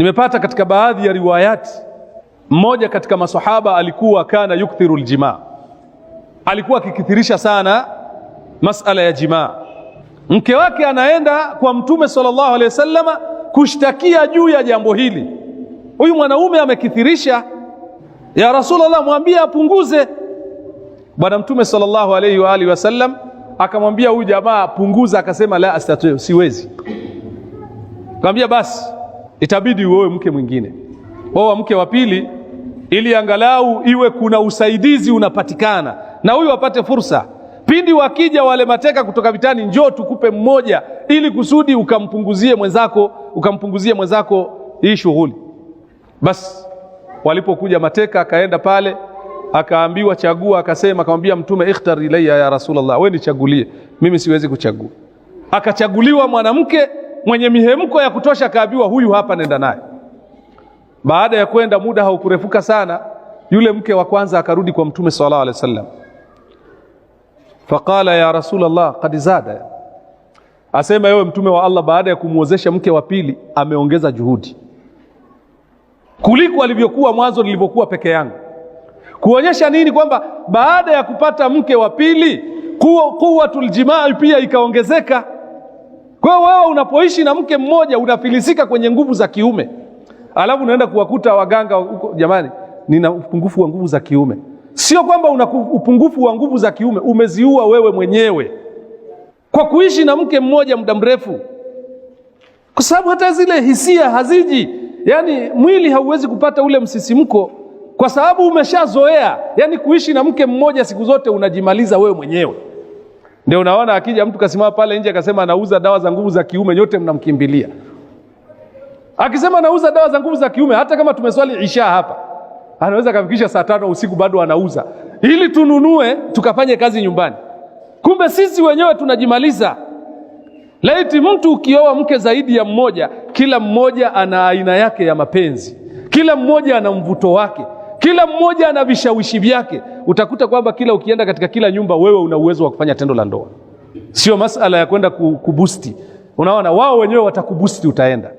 Nimepata katika baadhi ya riwayati, mmoja katika masahaba alikuwa kana yukthiru ljimaa, alikuwa akikithirisha sana masala ya jimaa. Mke wake anaenda kwa Mtume sallallahu alaihi wasallam kushtakia juu ya jambo hili, huyu mwanaume amekithirisha, ya Rasulullah, mwambie apunguze. Bwana Mtume sallallahu alaihi wa alihi wasallam akamwambia huyu jamaa punguza, akasema la astati, siwezi. Akamwambia basi itabidi uoe mke mwingine, oa mke wa pili, ili angalau iwe kuna usaidizi unapatikana na huyu apate fursa. Pindi wakija wale mateka kutoka vitani, njoo tukupe mmoja, ili kusudi ukampunguzie mwenzako, ukampunguzie mwenzako hii shughuli. Basi walipokuja mateka, akaenda pale akaambiwa chagua, akasema, akamwambia Mtume, ikhtar ilayya ya Rasulullah, wewe nichagulie, mimi siwezi kuchagua. Akachaguliwa mwanamke mwenye mihemko ya kutosha kaambiwa, huyu hapa, nenda naye. Baada ya kwenda, muda haukurefuka sana, yule mke wa kwanza akarudi kwa Mtume sallallahu alaihi wasallam, faqala ya Rasulullah qad zada, asema yewe Mtume wa Allah, baada ya kumwozesha mke wa pili ameongeza juhudi kuliko alivyokuwa mwanzo nilivyokuwa peke yangu. Kuonyesha nini? Kwamba baada ya kupata mke wa pili kuwatul jimai pia ikaongezeka. Kwa hiyo wewe unapoishi na mke mmoja unafilisika kwenye nguvu za kiume, alafu unaenda kuwakuta waganga huko, jamani, nina upungufu wa nguvu za kiume. Sio kwamba una upungufu wa nguvu za kiume, umeziua wewe mwenyewe kwa kuishi na mke mmoja muda mrefu, kwa sababu hata zile hisia haziji, yaani mwili hauwezi kupata ule msisimko kwa sababu umeshazoea. Yaani kuishi na mke mmoja siku zote unajimaliza wewe mwenyewe. Ndio unaona akija mtu kasimama pale nje akasema anauza dawa za nguvu za kiume, nyote mnamkimbilia. Akisema anauza dawa za nguvu za kiume, hata kama tumeswali isha hapa, anaweza akafikisha saa tano usiku bado anauza, ili tununue tukafanye kazi nyumbani. Kumbe sisi wenyewe tunajimaliza. Laiti mtu ukioa mke zaidi ya mmoja, kila mmoja ana aina yake ya mapenzi, kila mmoja ana mvuto wake, kila mmoja ana vishawishi vyake. Utakuta kwamba kila ukienda katika kila nyumba, wewe una uwezo wa kufanya tendo la ndoa, sio masala ya kwenda kubusti. Unaona, wao wenyewe watakubusti, utaenda